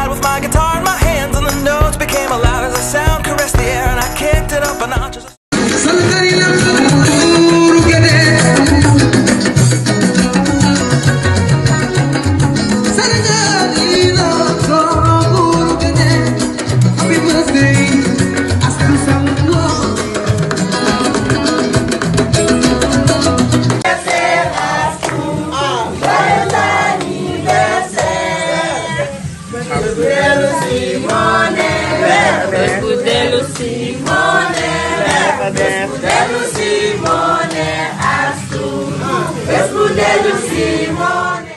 outside with my guitar dellu si moo ne bés bés bu dellu si moo ne bés bu dellu si moo ne astu bés bu dellu si moo ne